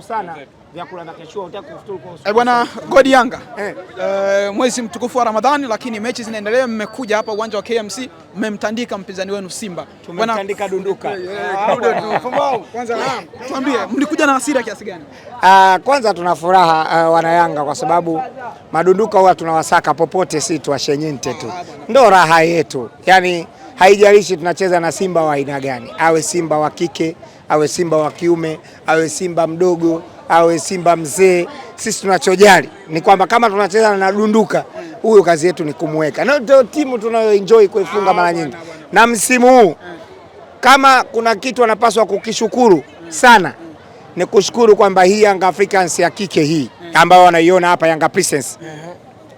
sana vyakula na kesho eh, bwana Godi Yanga eh. E, mwezi mtukufu wa Ramadhani, lakini mechi zinaendelea. Mmekuja hapa uwanja wa KMC, mmemtandika mpinzani wenu Simba. Tumemtandika Dunduka. Eh, eh, kwanza tuambie mlikuja na hasira kiasi gani? Ah, kwanza tuna furaha uh, yanga kwa sababu madunduka huwa tunawasaka popote, si tuwashenyinte tu, ndo raha yetu, yaani haijalishi tunacheza na Simba wa aina gani, awe Simba wa kike awe simba wa kiume, awe simba mdogo, awe simba mzee. Sisi tunachojali ni kwamba kama tunacheza na dunduka huyo, kazi yetu ni kumweka, na ndio timu tunayoenjoy kuifunga mara nyingi. Na msimu huu kama kuna kitu anapaswa kukishukuru sana ni kushukuru kwamba hii Young Africans ya kike hii ambayo wanaiona hapa Yanga Princess.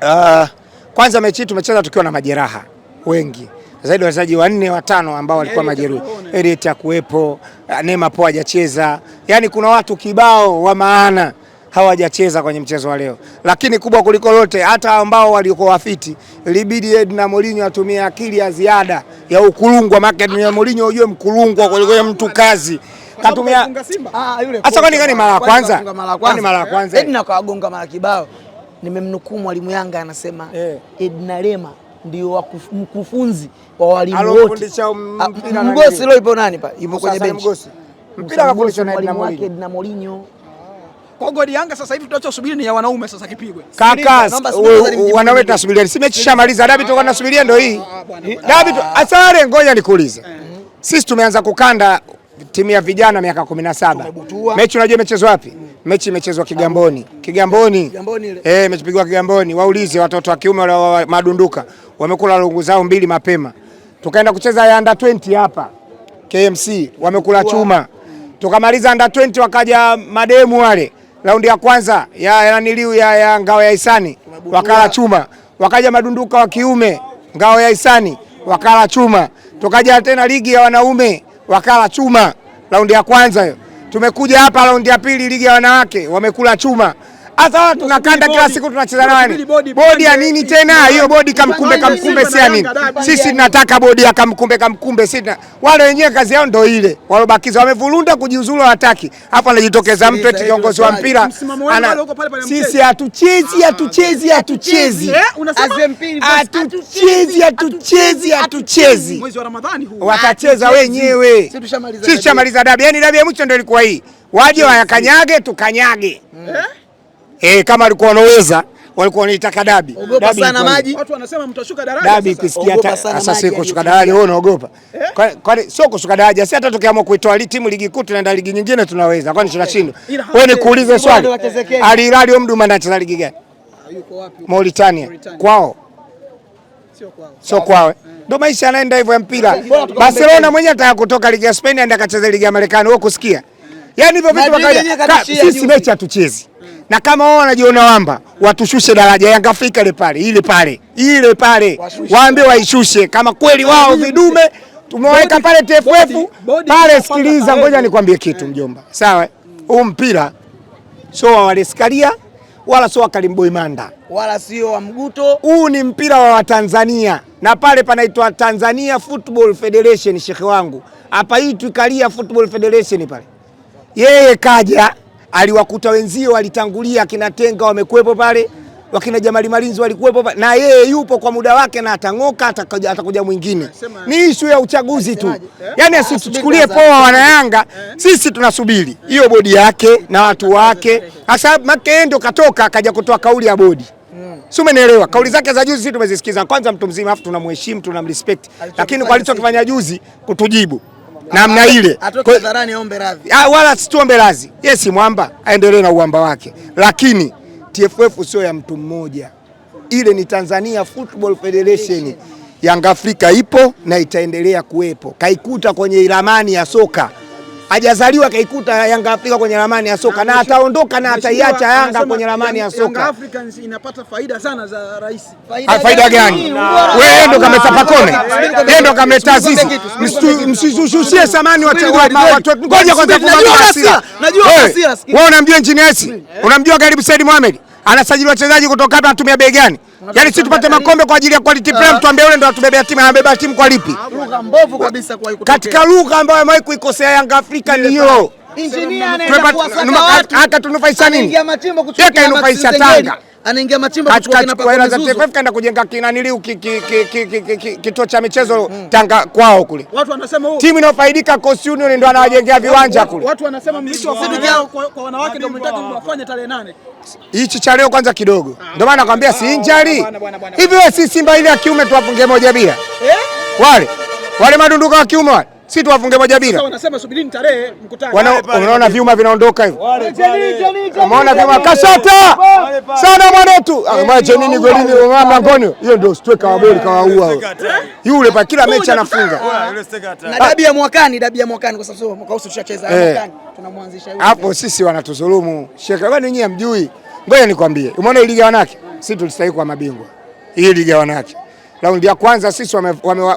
Uh, kwanza mechi tumecheza tukiwa na majeraha wengi zaidi wachezaji wanne watano ambao walikuwa yaani majeruhi, Elliot hakuwepo, eh, Neema po hajacheza, yaani kuna watu kibao wa maana hawajacheza kwenye mchezo wa leo, lakini kubwa kuliko lote, hata ambao walikuwa wafiti, ilibidi Edna Mourinho atumie akili ya ziada ya ukulungwa. Maana Edna Mourinho ujue mkulungwa kuliko mtu kazi katumia. Hasa ah, ah, kwani gani mara ya kwanza, kwani mara ya kwanza Edna kagonga mara kibao. Nimemnukuu mwalimu Yanga anasema eh. Edna Lema ndio mkufunzi wa walimu wote. Ah, Mgosi leo ipo nani pale? Ipo kwenye benchi. Mpira akafundishwa na Edna Mourinho. Edna Mourinho. Kwa goli Yanga sasa hivi tunachosubiri ni ya wanaume sasa kipigwe. Kaka, wanaume tunasubiria. Si mechi shamaliza dabi ah, tu tunasubiria ndio hii. Ah, dabi tu asare ngoja nikuulize. Eh. Sisi tumeanza kukanda timu ya vijana miaka 17. Mechi unajua imechezwa wapi? mechi imechezwa Kigamboni, Kigamboni, eh, mechi pigwa Kigamboni. Waulize watoto wa kiume wale wa madunduka wamekula rungu zao mbili mapema. Tukaenda kucheza ya under 20 hapa KMC, wamekula chuma. Tukamaliza under 20, wakaja mademu wale raundi ya kwanza ya naniliu ya, ya ngao ya Isani wakala chuma, wakaja madunduka wa kiume ngao ya Isani wakala chuma, tukaja tena ligi ya wanaume wakala chuma raundi ya kwanza hiyo Tumekuja hapa raundi ya pili ligi ya wanawake, wamekula chuma hata tunakanda kila siku tunacheza nayo. Bodi ya nini tena hiyo? Bodi kamkumbe kamkumbe, si ya nini? Sisi tunataka bodi ya kamkumbe kamkumbe. Sisi wale wenyewe kazi yao ndio ile, walobakiza wamevurunda kujiuzulu, hawataki. Hapa anajitokeza mtu eti kiongozi wa mpira, sisi ah, eh, hatuchezi, hatuchezi, hatuchezi, hatuchezi, hatuchezi, hatuchezi. Watacheza wenyewe, sisi tushamaliza dabi. Yaani dabi ya mwisho ndio ilikuwa hii, waje wayakanyage, tukanyage. Eh? Eh, kama alikuwa anaweza walikuwa wanaitaka dabi. Dabi sana maji. Watu wanasema mtashuka daraja. Dabi kisikia sasa sio shuka daraja, wewe unaogopa. Eh? Kwani sio kushuka daraja. Sasa hata tukiamua kuitoa timu ligi kuu tunaenda ligi nyingine tunaweza. Kwani tunashindwa? Wewe nikuulize swali. Al Hilal huyo mduma anacheza ligi gani? Yuko wapi? Mauritania. Kwao. Sio kwao. Sio kwao. Eh? Eh. Ndio maisha yanaenda hivyo ya mpira. Barcelona mwenyewe anataka kutoka ligi ya Spain aende akacheze ligi ya Marekani. Wewe kusikia? Yaani hivyo vitu wakaja. Sisi mechi hatuchezi na kama wao wanajiona wamba watushushe daraja Yanga Afrika ile pale ile pale ile pale, waambie waishushe kama kweli wao vidume. tumeweka pale TFF pale. Sikiliza, ngoja nikwambie kitu eh. mjomba, sawa? Huu mpira sio wa Waleskaria wala sio wa Manda wala sio wa Mguto. Huu ni mpira wa Watanzania na pale panaitwa Tanzania Football Federation. Shekhe wangu hapa hii tuikalia Football Federation pale, yeye kaja aliwakuta wenzio walitangulia, akina Tenga wamekuepo pale, wakina Jamali Malinzi walikuepo pale, na yeye yupo kwa muda wake na atang'oka, atakuja, atakuja mwingine. Ni ishu ya uchaguzi tu, eh? yaani asituchukulie poa Wanayanga, eh? sisi tunasubiri hiyo bodi yake na watu wake, hasa Makendo katoka akaja kutoa kauli ya bodi hmm. Si umenielewa? Kauli zake za juzi sisi tumezisikiza. Kwanza mtu mzima, afu tunamheshimu, tunamrespect, lakini kwa alichokifanya juzi kutujibu namna ile, ah, wala situombe radhi. Yes, mwamba aendelee na uwamba wake, lakini TFF sio ya mtu mmoja, ile ni Tanzania Football Federation. Yanga Afrika ipo na itaendelea kuwepo, kaikuta kwenye ilamani ya soka hajazaliwa kaikuta Yanga Afrika kwenye ramani ya soka na ataondoka na ataiacha Yanga kwenye ramani ya soka. Yanga Africans inapata faida sana za rais. Faida gani? Wewe ndo kameta pakone, yeye ndo kameta Msishushie thamani watu, ngoja kwanza. Najua wewe unamjua engineer, eh? unamjua Gharib Said Mohamed, anasajili wachezaji kutoka hapa, anatumia bei gani? Yaani si tupate makombe kwa ajili ya quality player, ah. tuambie yule ndo atubebea timu, anabeba timu kwa lipi? Lugha mbovu kabisa kwa hiyo. Katika lugha ambayo haiwahi kuikosea Yanga Afrika ni hiyo kujenga kinaniliu kituo cha michezo hmm. Tanga kwao kule. Watu wanasema timu inayofaidika Coast Union ndio anawajengea viwanja kule. Watu wanasema kwa wanawake ndio mfanye tarehe nane. Hichi cha leo kwanza kidogo, ah. ndio maana nakwambia si ah, hivi. Wewe si Simba ile ya kiume tuwafunge moja bila eh? wale wale madunduka wa kiume wale si tuwafunge moja bila. Sasa wanasema subirini tarehe mkutano. Unaona vyuma vinaondoka hivyo. Unaona vyuma kashata sana mwanetu. Amaje nini golini mama ngonyo. Hiyo ndio striker wa boli kawaua. Yule pa kila mechi anafunga. Na dabi ya mwakani, dabi ya mwakani kwa sababu mwaka huu tushacheza eh. mwakani. Tunamwanzisha yule. Hapo sisi wanatuzulumu. Shekhe bwana nyinyi hamjui. Ngoja nikwambie. Umeona ile liga wanawake? Sisi tulistahili kuwa mabingwa. ile liga ya raundi ya kwanza sisi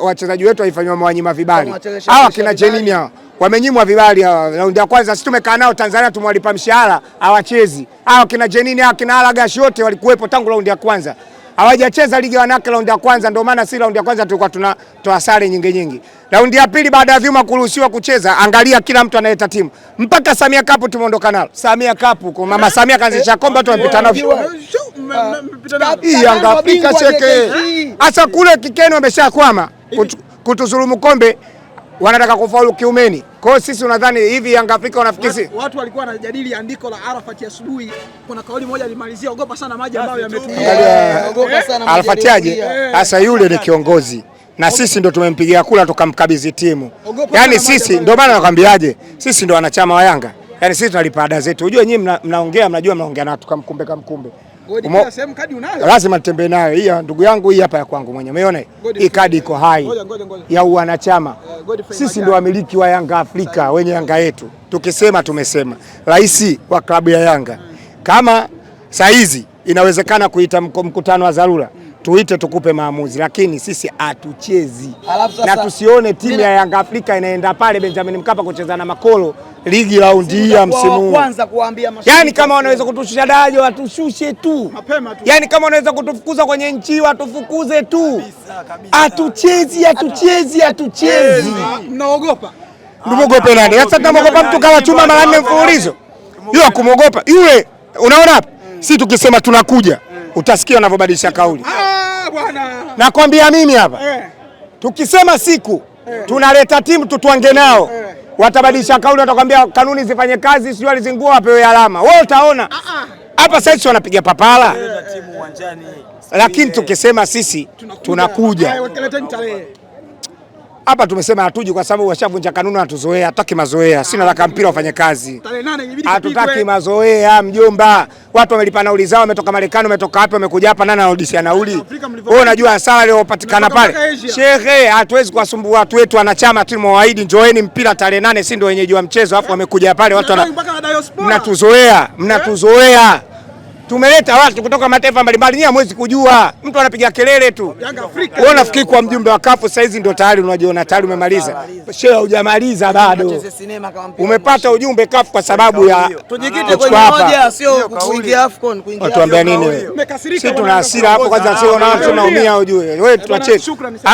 wachezaji wetu haifanywa mwanyima vibali hawa kina Chenini hawa wamenyimwa vibali hawa raundi ya kwanza. Sisi tumekaa nao Tanzania, tumewalipa mshahara hawachezi. Hawa kina Chenini hawa kina Alagash wote walikuwepo tangu raundi ya kwanza, hawajacheza ligi ya wanawake raundi ya kwanza. Ndio maana si raundi ya kwanza tulikuwa tunatoa sare nyingi nyingi. Raundi ya pili baada ya vyuma kuruhusiwa kucheza, angalia kila mtu analeta timu mpaka Samia Cup tumeondoka nalo. Samia Cup kwa mama eh? Samia kaanzisha eh? kombe, watu wamepita nao eh, Ah, hii Yanga pika cheke. Hasa kule kikeni wameshakwama kutuzulumu kombe, wanataka kufaulu kiumeni. Kwa hiyo sisi unadhani hivi Yanga Afrika wanafikiri watu walikuwa wanajadili andiko la Arafat asubuhi, kuna kauli moja alimalizia, ogopa sana maji ambayo yametumia. Eh? Ogopa sana maji. Arafat aje? Sasa yule ni kiongozi na sisi ndo tumempigia kula tukamkabidhi timu. Yaani sisi ndio maana nakwambiaje, sisi ndo wanachama wa Yanga. Yaani sisi tunalipa ada zetu. Unajua nyinyi mnaongea mnajua mnaongea na watu kamkumbe kamkumbe lazima nitembee nayo hii. Ndugu yangu hii hapa ya kwangu mwenye, umeona hii kadi iko hai ya uwanachama. Eh, Sisi ndio wamiliki wa Yanga Afrika, wenye Yanga yetu. Tukisema tumesema, rais wa klabu ya Yanga kama saizi inawezekana kuita mkutano wa dharura tuite tukupe maamuzi, lakini sisi hatuchezi na tusione timu ya Yanga Afrika inaenda pale Benjamin Mkapa kucheza na makolo ligi raundi hii ya msimu huu. yani kama wanaweza kutushusha daraja watushushe tu, yani kama wanaweza kutufukuza kwenye nchi watufukuze tu. Hatuchezi, hatuchezi, hatuchezi. Ah, mnaogopa mwogope nani? Ah, sasa tunamwogopa mtu kama chuma mara nne mfululizo, yule kumwogopa yule, unaona hapa mm. si tukisema tunakuja mm. utasikia wanavyobadilisha kauli. Ah, nakwambia mimi hapa eh. Tukisema siku eh. tunaleta timu tutwange nao eh. Watabadilisha kauli, watakwambia kanuni zifanye kazi, sijui alizingua, wapewe alama. Wewe utaona ah, ah. hapa sasa hivi wanapiga papala eh. Lakini tukisema sisi tunakuja, tunakuja hapa tumesema hatuji kwa sababu washavunja kanuni, hatuzoea, hatutaki mazoea. Sina nataka mpira ufanye kazi, hatutaki mazoea mjomba. Watu wamelipa nauli zao, wametoka Marekani, wametoka wapi, wamekuja hapa, nani anarudishia nauli? Wewe unajua hasara iliyopatikana pale, shehe. Hatuwezi kuwasumbua watu wetu, wanachama tulimewaahidi, njoeni mpira tarehe nane, si ndio wenyeji wa mchezo, afu wamekuja pale watu, mnatuzoea mnatuzoea Tumeleta watu kutoka mataifa mbalimbali, nyie hamwezi kujua, mtu anapiga kelele tu. Wewe unafikiri kwa mjumbe wa kafu sasa hizi ndio tayari unajiona tayari umemaliza? Shehe, hujamaliza bado, umepata ujumbe kafu kwa sababu ya tuambia nini? Wewe si tuna hasira hapo kwanza, sio na watu naumia, ujue wewe tunacheka